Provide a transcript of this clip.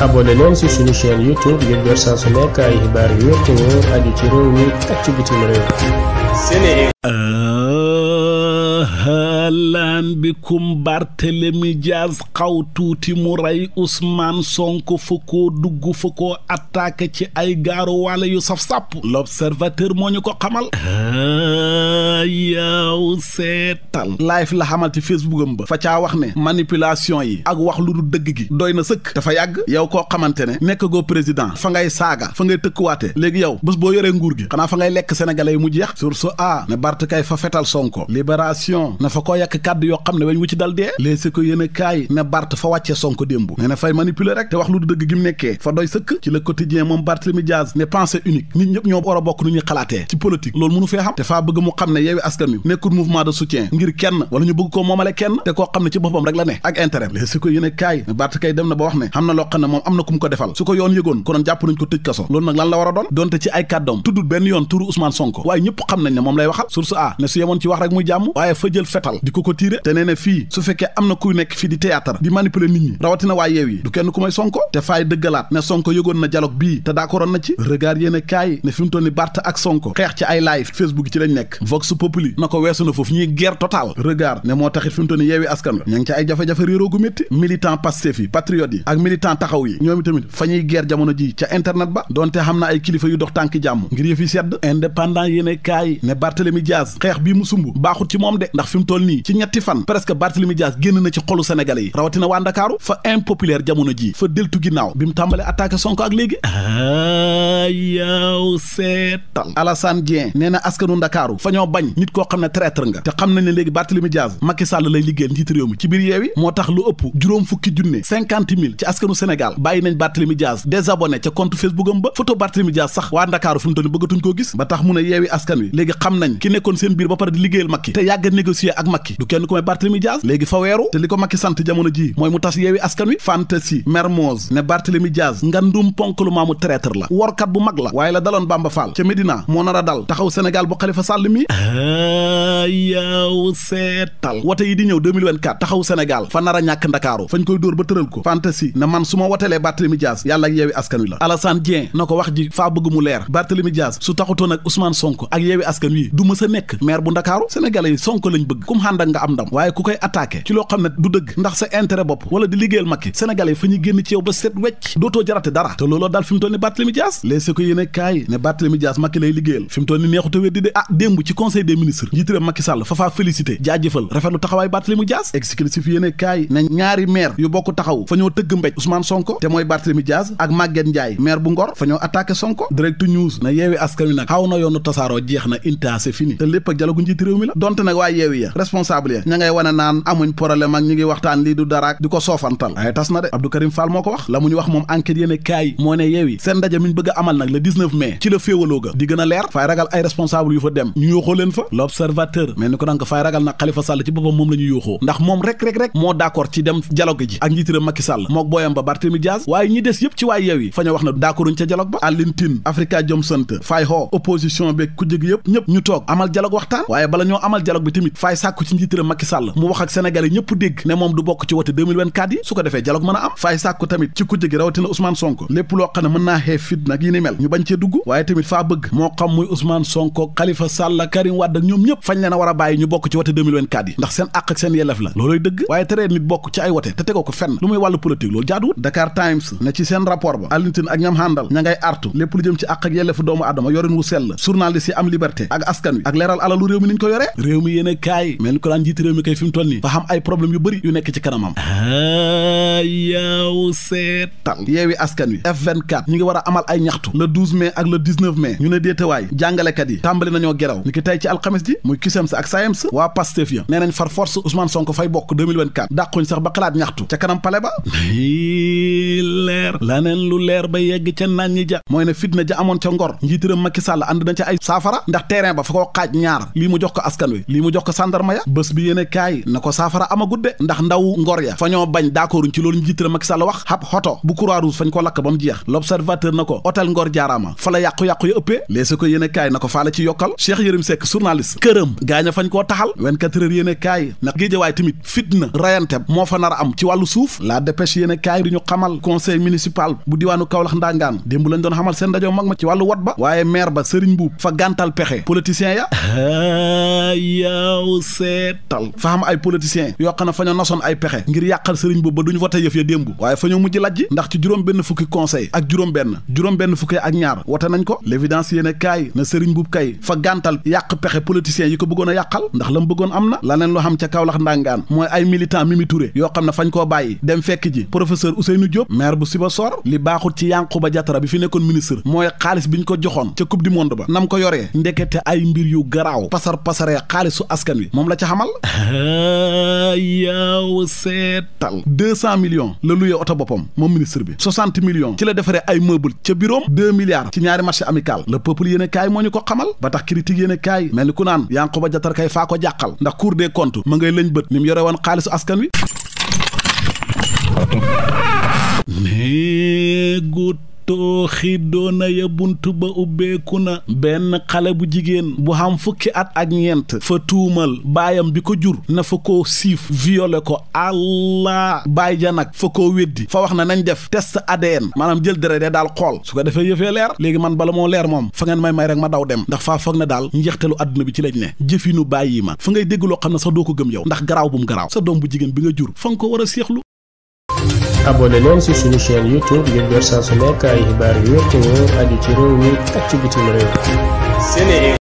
abonné leen si suñu chaîne YouTube ngir jot saa su nekk ay xibaar yu wér te wóor aju ci réew mi ak ci bitim réew ahlan bikum Barthélemy Dias xaw tuuti mu rey Ousmane Sonko fa koo dugg fa koo attaqué ci ay gaaru walla yu saf-sàpp l'observateur moo ñu ko xamal yaw seetal live la xamal ci Facebook am ba fa caa wax ne manipulation yi ak wax lu du dëgg gi doy na sëkk dafa yàgg yow koo xamante ne nekk goo président fa ngay saaga fa ngay tëkkuwaate léegi yow bés boo yore nguur gi xanaa fa ngay lekk sénégalais yi mu jeex sur ce a ne Barth kay fa fetal Sonko yàq kàddu yoo xam ne weñ wu ci dal dee léeg si ko yéen a kaay ne Bart fa wàccee Sonko démb ne na fay manipuler rek te wax lu du dëgg gi nekkee fa doy sëkk ci le quotidien moom Barthélemy Diaz ne pensée unique nit ñëpp ñoo war a bokk nu ñuy xalaatee ci politique loolu mënu fee xam te faa bëgg mu xam ne yeewi askan wi nekkul mouvement de soutien ngir kenn wala ñu bëgg koo moomale kenn te koo xam ne ci boppam rek la ne ak intérêt léeg si ko a kaay ne Bart kay dem na ba na loo a doon donte di ko ko tiire te nee na fii su fekkee am na ku nekk fii di théâtre di manipuler nit ñi rawatina waa yeew yi du kenn ku may sonko te faay dëggalaat ne sonko yëgoon na dialogue bii te d'accordoon na ci regard yéen a kaay ne fi mu toll ni ak sonko xeex ci ay live facebook ci lañ nekk vox populi na ko weesu na foofu ñuy guerre totale regard ne moo taxit fi mu toll ni yeewi askan la ña ngi ci ay jafe-jafe réeroo gu métti militant fi yi patriotes yi ak militant taxaw yi ñoom itamit fa ñuy guerre jamono ji ca internet ba donte xam na ay kilifa yu dox tànki jàmm ngir yëf yi indépendant yéen a kaay ne Barthélemy Diaz xeex bii mu sumb baaxut ci moom de ndax fi mu toll nii gii ci ñetti fan presque Barthélemy Dias génn na ci xolu sénégalais yi rawatina waa Ndakaaru fa impopulaire jamono ji fa deltu ginnaaw bi mu tàmbalee attaqué Sonko ak léegi a yaaw seetal Alassane Dieng nee askanu Ndakaaru fa bañ nit koo xam ne traître nga te xam nañ ne léegi Barthélemy Dias Macky Sall lay liggéeyal njiitu réew mi ci biir yeewi moo tax lu ëpp juróom fukki junne ci askanu Sénégal bàyyi nañ Barthélemy Dias désabonné ca compte Facebook ba photo Barthélemy Dias sax ba tax mu ne yeewi askan wi léegi xam nañ Macky du kenn ku may Barthélemy Diaz léegi fa weeru te li ko Macky sant jamono ji mooy mu tas yeewi askan wi fantasi Mermoz ne Barthélemy Diaz ngandum ponk lu maamu traître la workat bu mag la waaye la daloon Bamba Fall ca Médina moo nar a dal taxaw Sénégal bu Khalifa Sall mi ah, yaaw seetal wote yi di ñëw 2024 taxaw Sénégal fa nar a ñàkk Ndakaaru fañ koy dóor ba tëral ko fantasi ne man su ma wotelee Barthélemy Diaz yàlla ak yeewi askan wi la Alassane Dieng na ko wax ji faa su taxutoon ak Ousmane Sonko ak yeewi askan wi du a nekk maire ànd ak nga am ndam waaye ku koy attaqué ci loo xam ne du dëgg ndax sa intérêt bopp wala di liggéeyal Macky sénégalais yi fa ñuy génn ci ba set wecc dootoo jarate dara te looloo daal fi mu toll ni Barthélémy Dias ko yéene ne Barthélémy Dias Macky lay liggéeyal fi mu toll ni weddi de ah démb ci conseil des ministres njiiteram Macky fafaa félicité jaajëfal rafetlu taxawaay Barthélémy Dias exclusif yéene ne ñaari maire yu bokk taxaw fa responsable wane naan amuñ problème ak ñi ngi waxtaan lii du daraak di ko soofantal ay tas na de Abdou Karim moo ko wax la mu ñu wax moom enquête yéene kaay moo ne yeewi seen ndaje mi ñu bëgg amal nag le 19 ci la féewaloo ga di gën a leer fay ragal ay responsable yu fa dem ñu yóoxoo leen fa l'observateur mais ni ko dank fay ragal nag Khalifa Sall ci boppam moom la yóoxoo ndax moom rek rek moo d'accord ci dem dialogue ji ak njiitiram Macky Sall mook booyam ci njiitëram Macky Sall mu wax ak sénégalais ñëpp dégg ne moom du bokk ci wote 2024 yi su ko defee dialogue mën a am fay sàkku tamit ci kujje gi rawatina Ousmane Sonko lépp loo xam ne mën naa xee fit nag yi ni mel ñu bañ cee dugg waaye tamit faa bëgg moo xam muy Ousmane Sonko Khalifa Sall Karim Wade ñoom ñëpp fañ leen a war a bàyyi ñu bokk ci wote 2024 yi ndax seen àq ak seen yelleef la looloy dëgg waaye teree nit bokk ci ay wote te tegoo ko fenn lu muy lépp lu jëm ci àq ak yelleefu doomu adama ñu ko daan jiite kay fi mu toll nii fa xam ay problème yu bëri yu nekk ci kanamam ah, yaaw seetal yeewi askan wi F24 ñu ngi war a amal ay ñaxtu le 12 mai ak le mais ñu ne déetewaay jàngalekat yi tàmbali nañoo geraw ni ki tey ci alxames ji muy CUSEMS e ak SAEMS e waa Pastef ya nee nañ far force Ousmane Sonko fay bokk 2024 dàquñ sax ba xalaat ñaxtu ca kanam pale ba leer laneen lu leer ba yegg ca naan ñi ja mooy ne fitna ja amoon ca ngor njiitiram Macky Sall ànd na ca ay saafara ndax terrain ba fa ñaar lii mu jox askan wi lii mu jox ko sandarma ya bés bi yéen kaay na ko saafara amagut de ndax ndaw ngor ya fa ñoo bañ d'accorduñ ci loolu njiitëram Macky Sall wax ab xoto bu croix fañ ko lakk ba mu jeex l'observateur na ko hôtel Ngor jaaraama fa la yàqu-yàqu ya ëppee lees ko yéen a kaay na ko faale ci yokkal Cheikh Yérim Seck journaliste këram gaañ a fañ koo taxal 24 heures yéen kaay na géejawaay tamit fitna rayante moo fa nar am ci wàllu suuf la dépêche yéen kaay du ñu xamal conseil seetal fa xam ay politiciens yoo xam ne fa nasoon ay pexe ngir yàqal sëriñ boobu ba duñu voté yëf ya démb waaye fa mujj lajj ndax ci juróom benn fukki conseil ak juróom benn juróom benn fukki ak ñaar wote nañ ko l'évidence yéen kaay na sëriñ buub kay fa gàntal yàq pexe politiciens yi ko bëggoon a yàqal ndax la mu bëggoon am na laneen loo xam ca Kaolack ndàngaan mooy ay militant Mimi Touré yoo xam ne fañ koo bàyyi dem fekk ji professeur Ousseynou Diop maire mooy xaalis bi ko joxoon ko yoree ndekete ay wi xamal yaaw seetal deux cent millions la luyee oto boppam moom ministre bi soixante millions ci la defaree ay meubles ca bureau deux milliards ci ñaari marché amical le peuple yéen a kaay moo ñu ko xamal ba tax critique yéen a kaay mel ni ku naan yaa ngi ko ba jatar kay faa ko jàqal ndax cour des comptes ma ngay lëñ ni mu yore woon xaalisu askan wi xiidoona ya bunt ba ubbeeku na benn xale bu jigéen bu xam fukki at ak ñeent fa tuumal baayam bi ko jur na fa ko siif violé ko allah baay ja nag fa koo weddi fa wax na nañ def test ADN maanaam jël deret de daal xool su ko defee yëfee leer léegi man bala moo leer moom fa ngeen may may rek ma daw dem ndax faa foog ne daal njeextelu àdduna bi ci lañ ne jëfinu bàyyi ma fa ngay dégg loo xam ne sax doo ko gëm yow ndax garaaw bu mu garaaw sa doom bu jigéen bi nga jur fa ko war a abonné leen ci suñu chaîne youtube ngir jot saa su ay xibaar yu wér te wóor ci réew mi ak ci bitim réew